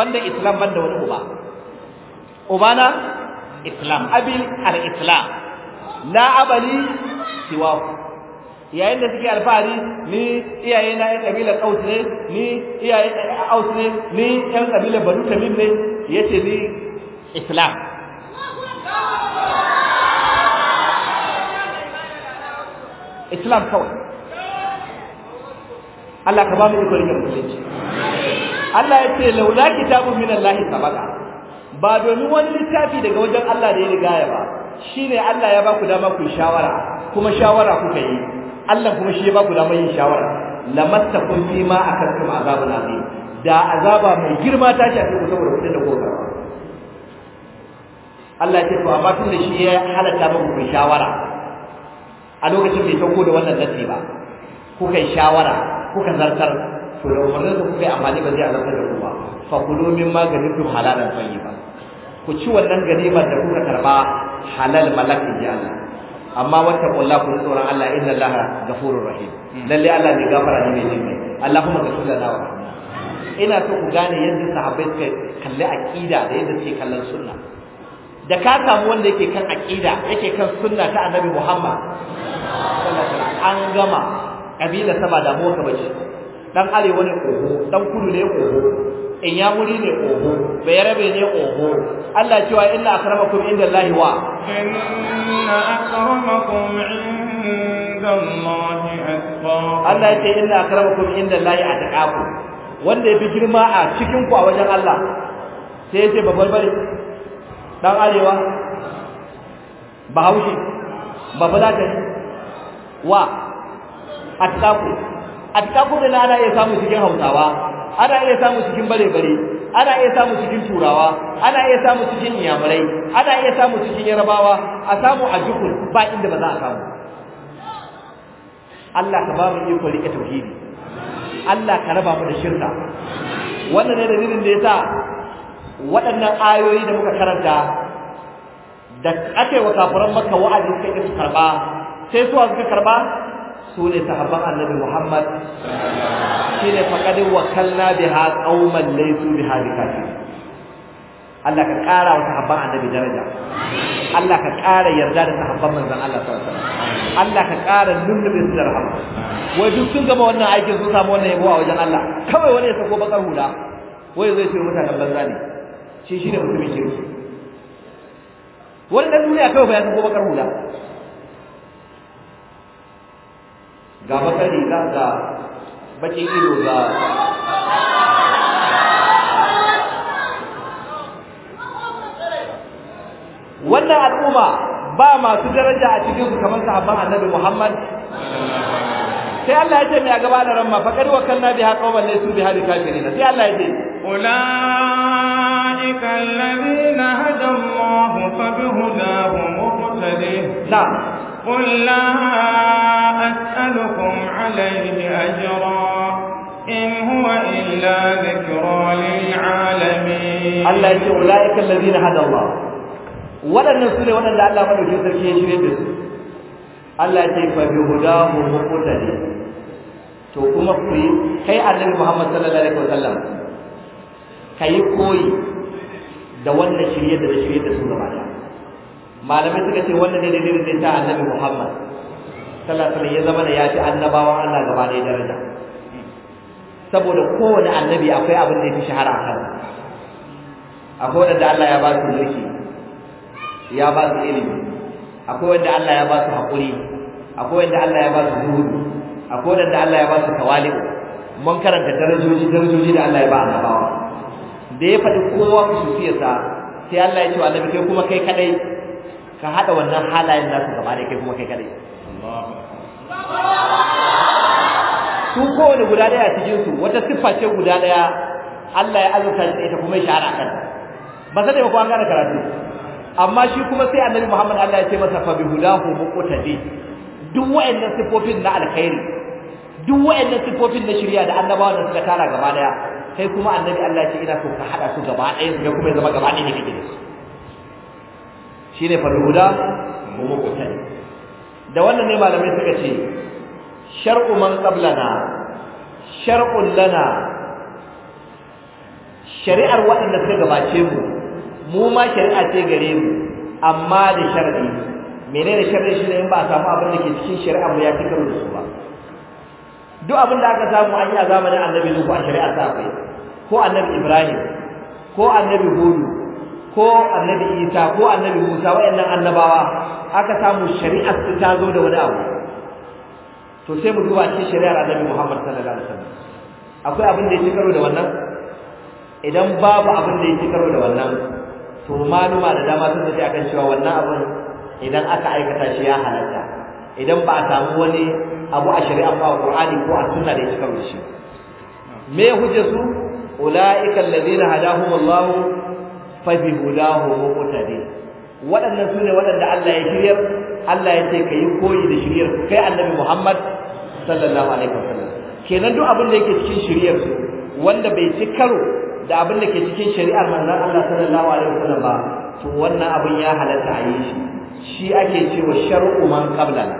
banda islam banda wani uba Uba na. islam abi al islam la abali siwa yayin da suke alfahari ni iyaye na ɗan kabilar ausne ne ni iyaye aus ne ni ɗan kabilar banu tamim ne yace ni islam islam kawai Allah ka ba mu iko rike Allah ya ce laula kitabun min Allah sabaka ba domin wani littafi daga wajen Allah da ya ya ba shine Allah ya baku dama ku shawara kuma shawara kuka yi Allah kuma shi ya baku dama yin shawara kun fi ma kuma azabun azim da azaba mai girma ta shafe ku saboda kudin da kuka Allah ya ce to amma tun da shi ya halatta ba ku shawara a lokacin bai sauko da wannan nasi ba kuka yi shawara kuka zartar to da umarnin da kuka yi amfani ba zai azabtar da ku ba fa min ma ganimtum halalan tayyiba ku ci wannan ganimar da kuka karba halal malak ya Allah amma wata qullahu ku tsoron Allah inna Allah ghafurur rahim lalle Allah ne gafara ne mai jinkai Allahumma ghfir lana wa ina so ku gane yadda sahabbai suka kalli aqida da yadda suke kallon sunna da ka samu wanda yake kan aqida yake kan sunna ta annabi Muhammad an gama kabila sama da mota bace dan arewa ne koko, dan kudu ne koko? in ya muri ne oho bai rabe ne oho Allah cewa inna akramakum inda Allah wa inna akramakum inda Allah atqakum Allah ya ce inna akramakum inda Allah atqakum wanda ya fi girma a cikin ku a wajen Allah sai yace babbar bare dan arewa bahaushe babu za ta wa atqakum atqakum da ana iya samu cikin Hausawa ana iya samu cikin bare-bare ana iya samu cikin turawa ana iya samu cikin yamurai ana iya samu cikin yarabawa a samu a jukun ba inda ba za a samu Allah ka ba mu iko rike tauhidi Allah ka raba mu da shirka wannan ne dalilin da yasa waɗannan ayoyi da muka karanta da ake wa kafiran maka wa'adi suka yi karba sai suwa suka karba su ne sahabban annabi Muhammad shi ne faƙadin wakalna biha qauman laysu biha bikafir Allah ka ƙara wa sahabban annabi daraja Allah ka ƙara yarda da sahabban manzon Allah sallallahu alaihi wasallam Allah ka ƙara lullube su da rahama wai duk sun gama wannan aikin sun samu wannan yabo a wajen Allah kawai wani ya sako bakar hula wai zai ce mutanen banza ne shi shine mutumin kirki wani dan duniya kawai ba ya sako bakar hula ga bakar riga ga bakin ido ga wannan al'umma ba masu daraja a cikin su kamar sahabban annabi Muhammad sai Allah ya ce mai a gaba da ramma faqad wakalna biha qawman laysu kafin bikafirin sai Allah ya ce أولئك الذين هدى الله فبهداه مقتده Na. قل لا أسألكم عليه أجرا إن هو إلا ذكرى للعالمين الله يقول أولئك الذين هدى الله ولا نسل ولا لا الله من يجوز الكي يشري Allah ce fa bi to kuma ku kai annabi Muhammad sallallahu alaihi wasallam kai koyi da wannan shirye da shirye da su gaba malamai suka ce wannan ne dalilin da ya sa annabi Muhammad sallallahu alaihi wasallam ya zama da ya ci annabawan Allah gaba da daraja saboda kowane annabi akwai abin da ya fi shahara a kansa akwai wanda Allah ya ba su mulki ya ba su ilimi akwai wanda Allah ya ba su haƙuri akwai wanda Allah ya ba su zuhudi akwai wanda Allah ya ba su tawali'u mun karanta darajoji darajoji da Allah ya ba annabawa da ya faɗi kowa kusurciyarsa sai Allah ya ce wa annabi kai kuma kai kadai ka hada wannan halayen nasu gaba da kai kuma kai kadai su kowane guda daya a cikin su wata siffa ce guda daya Allah ya azurta da ita kuma ya shahara kan ba sai da kuma gane karatu amma shi kuma sai Annabi Muhammad Allah ya ce masa fa bi hudahu muqtadi duk wayannan sifofin na alkhairi duk wayannan sifofin na shari'a da annabawa da suka tara gaba daya kai kuma Annabi Allah ya ce ina so ka hada su gaba daya kuma ya zama gaba daya ne kike da su shine guda, kuma kuta da wannan ne malamai suka ce shar'u man qablana shar'un lana shari'ar waɗanda suka gabace mu mu ma shari'a ce gare mu amma da shar'i menene shar'i shine in ba a samu abin da ke cikin shari'a mu ya fi karo da su ba duk abin da aka samu an yi a zamanin annabi Nuhu a shari'a ta akwai ko annabi Ibrahim ko annabi Hudu ko annabi isa ko annabi musa wayannan annabawa aka samu shari'ar su ta zo da wani abu to sai mu duba cikin shari'ar annabi muhammad sallallahu alaihi wasallam akwai abin da ya ci karo da wannan idan babu abin da ya ci karo da wannan to maluma da dama sun tafi akan cewa wannan abin idan aka aikata shi ya halatta idan ba a samu wani abu a shari'a ba a qur'ani ko a sunna da ya ci karo da shi me hujjatu ulaika alladhina hadahumullahu fadi guda homo muqtadi waɗannan su ne waɗanda Allah ya shiryar Allah ya ce ka yi koyi da shiryar kai annabi Muhammad sallallahu alaihi wasallam kenan duk abin da yake cikin shiryar su wanda bai ci karo da abin da ke cikin shari'ar manzon Allah sallallahu alaihi wasallam ba to wannan abin ya halatta a yi shi shi ake cewa shar'u man qablana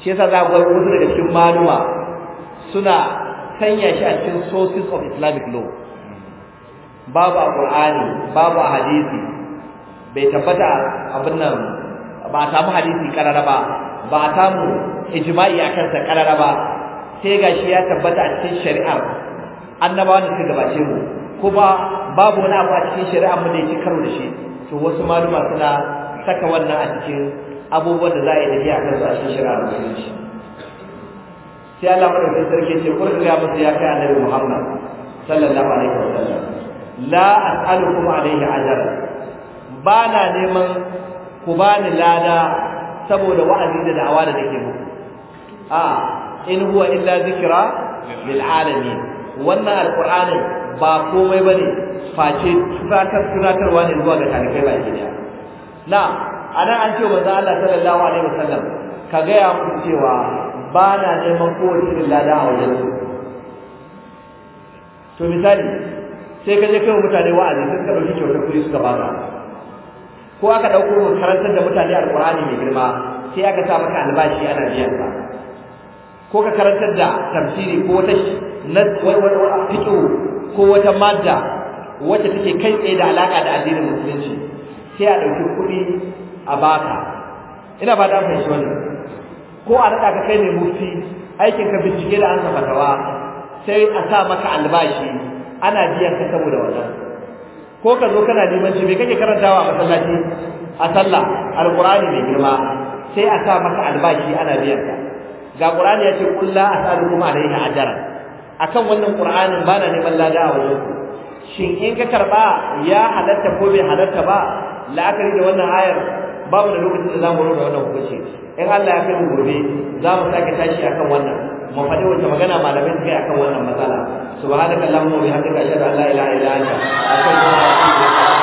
shi yasa za ku wasu daga cikin maluma suna sanya shi a cikin sources of islamic law babu a Qur'ani babu a hadisi bai tabbata abin nan ba a samu hadisi karara ba ba a samu ijma'i akan sa karara ba sai gashi ya tabbata a cikin shari'ar annabawa da suka gabace mu kuma babu wani abu a cikin shari'ar mu da ya ci karo da shi to wasu maluma suna saka wannan a cikin abubuwan da za a yi tafiya kan su a cikin shari'ar musulunci sai Allah madaukakin sarki ce kurkura musu ya kai annabi Muhammad sallallahu alaihi wasallam la as'alukum alayhi ajra ba na neman ku bani lada saboda wa'azi da da'awa da nake muku a in huwa illa zikra lil alamin wannan alqur'ani ba komai bane face tunatar tunatarwa ne zuwa ga talibai ba ke na anan an ce manzo Allah sallallahu alaihi wasallam ka ga ya ku cewa ba na neman ko irin lada a wajen to misali sai ka je kai mutane wa'azi sai ka dauki kyautar kuɗi suka bada ko aka dauko karantar da mutane alqur'ani mai girma sai aka sa maka albashi ana biyan ka ko ka karantar da tafsiri ko wata fiqh ko wata madda wacce take kai tsaye da alaka da addinin musulunci sai a dauki kuɗi a baka ina ba da fahimci wannan ko a rada ka kai ne mufti aikin ka bincike da an fatawa sai a sa maka albashi ana biyan ka saboda wannan ko ka zo kana neman shi me kake karantawa a masallaci a sallah alqur'ani mai girma sai a sa maka albashi ana biyan ka ga qur'ani ya ce qul la as'alukum alayhi ajran akan wannan qur'anin bana neman lada a wajen ku shin in ka karba ya halatta ko bai halatta ba la'akari da wannan ayar babu da lokacin da zamu rubuta wannan hukunci in Allah ya kai mu gobe za mu sake tashi akan wannan mu faɗi wata magana malamai suka yi akan wannan matsala subhanakallahumma wa bihamdika ashhadu an la ilaha illa anta astaghfiruka wa atubu ilaik